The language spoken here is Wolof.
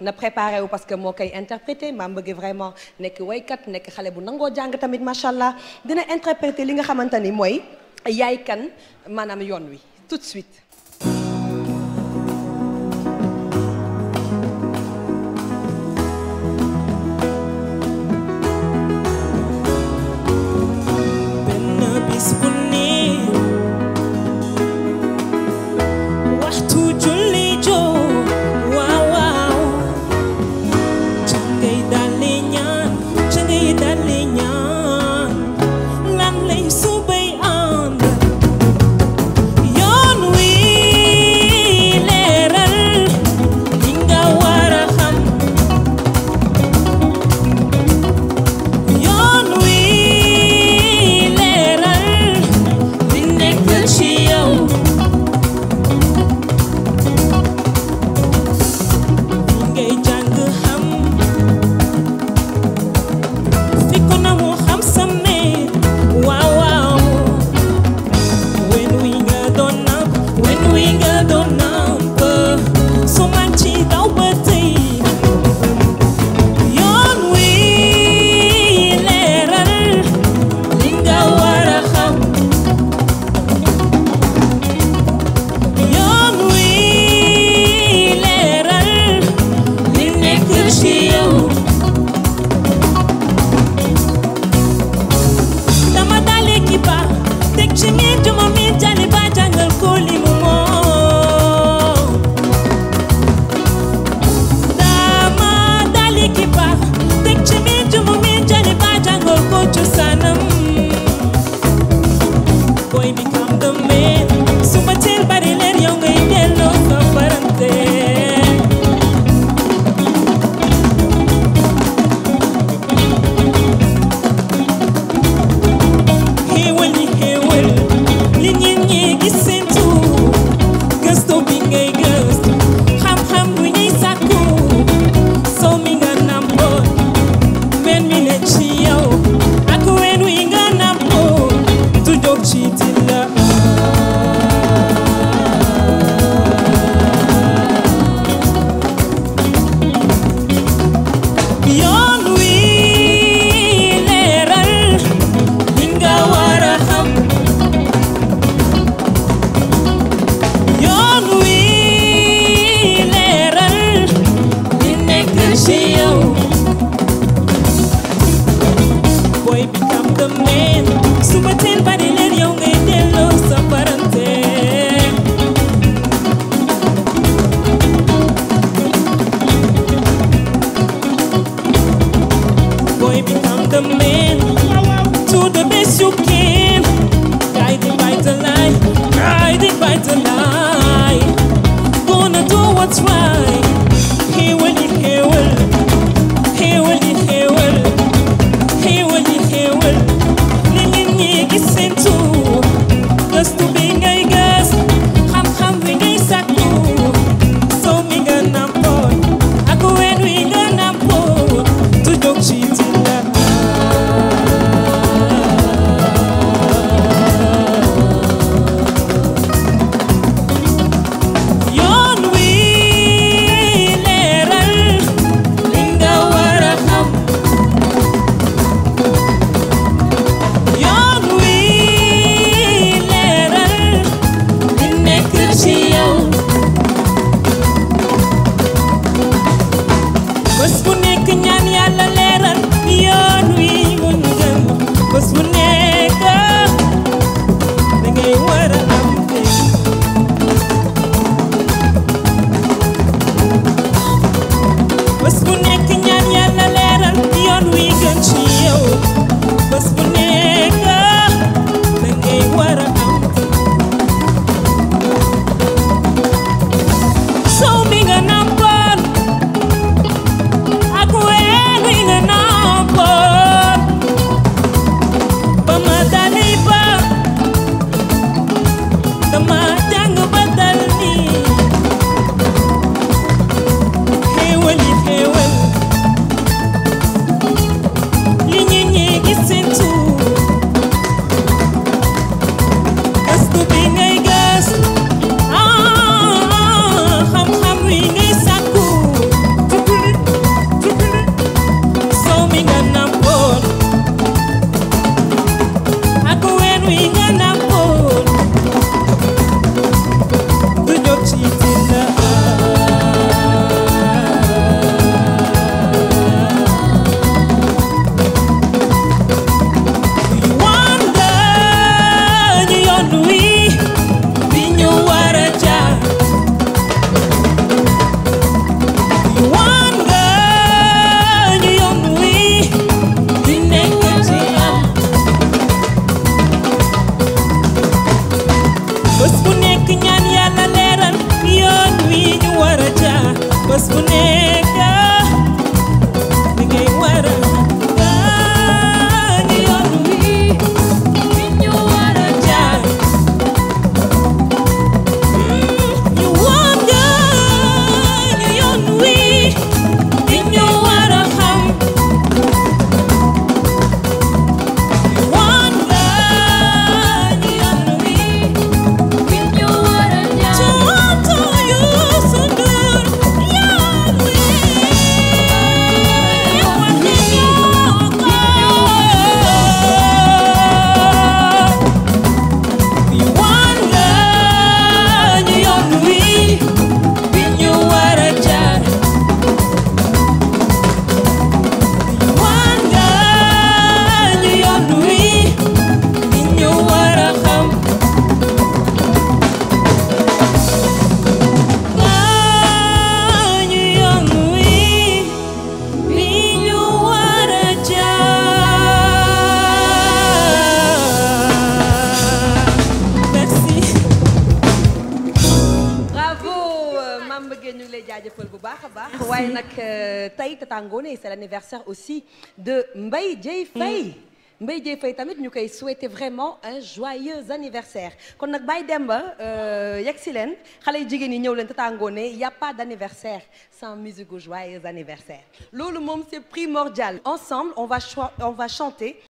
na préparé wu parce que moo koy interprété maa mbëggee vraiment nekk waykat nekk xale bu nangoo jàng tamit macha allah dina interprété li nga xamante ni mooy yaay kan maanaam yoon wi tout de suite cosaanam boy become the man paixão Boy become the man Suma tel bari ler yow ngay delloo sa parante Boy become the man Do the best you can Guided by the light Guided by the light Gonna do what's right mi nga nam jaajëfal bu baax a baax. waaye nag euh, tey Tata Ngoné c'est l'anniversaire aussi de mbay Dieye Faye. Mm. mbay Dieye Faye tamit ñu koy souhaiter vraiment un joyeux anniversaire kon nag bay Demba euh, yegg si leen xale yu jigéen yi ñëw leen Tata Ngoné y a pas d'anniversaire sans musique ou joyeux anniversaire loolu moom c'est primordial ensemble on va on va chanter